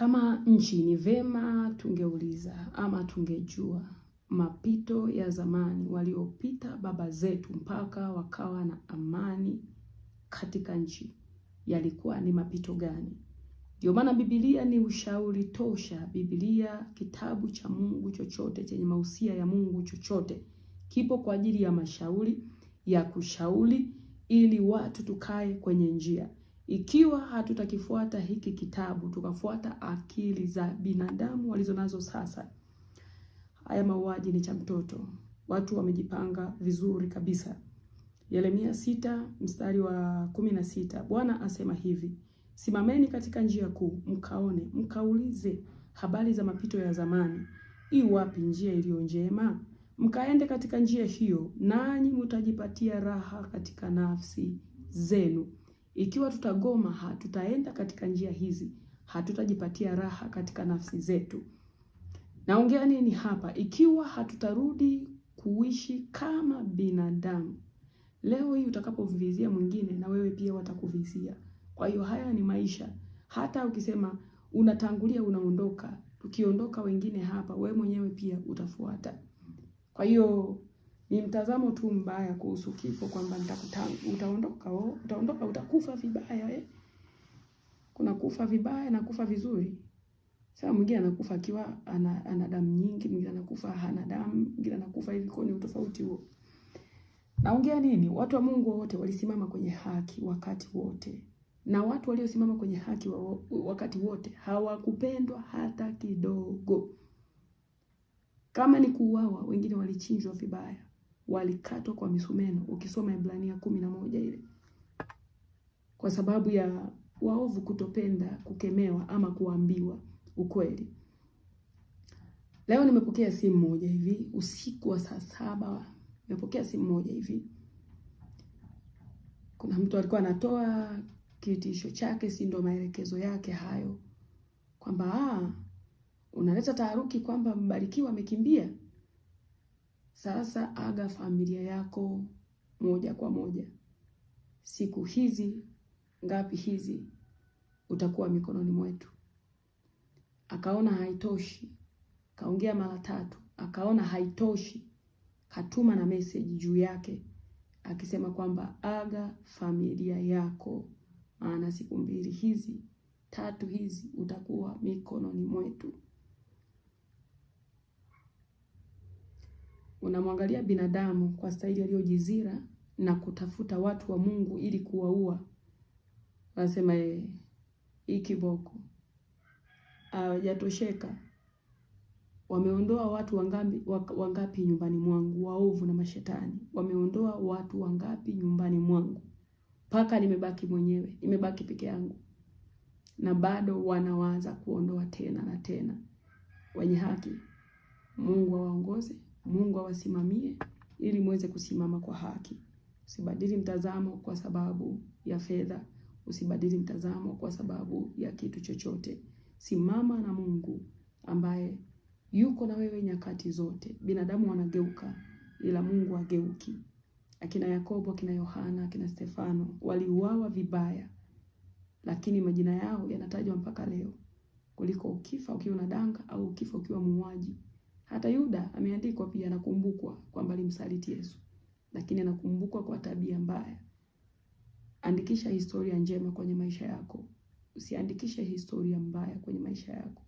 Kama nchi, ni vema tungeuliza ama tungejua mapito ya zamani waliopita baba zetu mpaka wakawa na amani katika nchi yalikuwa ni mapito gani? Ndio maana Biblia ni ushauri tosha. Biblia, kitabu cha Mungu chochote chenye mahusia ya Mungu chochote kipo kwa ajili ya mashauri ya kushauri, ili watu tukae kwenye njia. Ikiwa hatutakifuata hiki kitabu tukafuata akili za binadamu walizonazo sasa, haya mauaji ni cha mtoto. Watu wamejipanga vizuri kabisa. Yeremia sita mstari wa kumi na sita Bwana asema hivi: simameni katika njia kuu, mkaone, mkaulize habari za mapito ya zamani, i wapi njia iliyo njema, mkaende katika njia hiyo, nanyi mtajipatia raha katika nafsi zenu. Ikiwa tutagoma, hatutaenda katika njia hizi, hatutajipatia raha katika nafsi zetu. Naongea nini hapa? Ikiwa hatutarudi kuishi kama binadamu. Leo hii utakapovizia mwingine, na wewe pia watakuvizia. Kwa hiyo haya ni maisha. Hata ukisema unatangulia, unaondoka, tukiondoka wengine hapa, wewe mwenyewe pia utafuata. Kwa hiyo ni mtazamo tu mbaya kuhusu kifo kwamba utaondoka, utaondoka, utakufa vibaya eh? Kuna kufa vibaya na kufa vizuri. Sasa mwingine anakufa akiwa ana, ana damu nyingi, mwingine anakufa hana damu, mwingine anakufa hivi. Kwa ni utofauti huo? Naongea nini? Watu wa Mungu wote walisimama kwenye haki wakati wote, na watu waliosimama kwenye haki wa, wakati wote hawakupendwa hata kidogo. Kama ni kuuawa, wengine walichinjwa vibaya walikatwa kwa misumeno, ukisoma Ibrania kumi na moja ile, kwa sababu ya waovu kutopenda kukemewa ama kuambiwa ukweli. Leo nimepokea simu moja hivi usiku wa saa saba, nimepokea simu moja hivi. Kuna mtu alikuwa anatoa kitisho chake, si ndo maelekezo yake hayo, kwamba ah, unaleta taharuki kwamba Mbarikiwa amekimbia. Sasa aga familia yako moja kwa moja. Siku hizi ngapi hizi utakuwa mikononi mwetu. Akaona haitoshi, kaongea mara tatu, akaona haitoshi, katuma na message juu yake akisema kwamba aga familia yako, maana siku mbili hizi tatu hizi utakuwa mikononi mwetu. unamwangalia binadamu kwa staili aliyojizira na kutafuta watu wa Mungu ili kuwaua. Wanasema yeye eh, hii kiboko hawajatosheka. Wameondoa watu wangapi, wangapi nyumbani mwangu, waovu na mashetani. Wameondoa watu wangapi nyumbani mwangu, mpaka nimebaki mwenyewe, nimebaki peke yangu, na bado wanawaza kuondoa tena na tena. Wenye haki, Mungu awaongoze. Mungu awasimamie ili muweze kusimama kwa haki. Usibadili mtazamo kwa sababu ya fedha, usibadili mtazamo kwa sababu ya kitu chochote. Simama na Mungu ambaye yuko na wewe nyakati zote. Binadamu wanageuka, ila Mungu hageuki. Akina Yakobo, akina Yohana, akina Stefano waliuawa vibaya, lakini majina yao yanatajwa mpaka leo, kuliko ukifa ukiwa na danga au ukifa ukiwa muuaji. Hata Yuda ameandikwa pia anakumbukwa kwamba alimsaliti Yesu, lakini anakumbukwa kwa tabia mbaya. Andikisha historia njema kwenye maisha yako, usiandikishe historia mbaya kwenye maisha yako.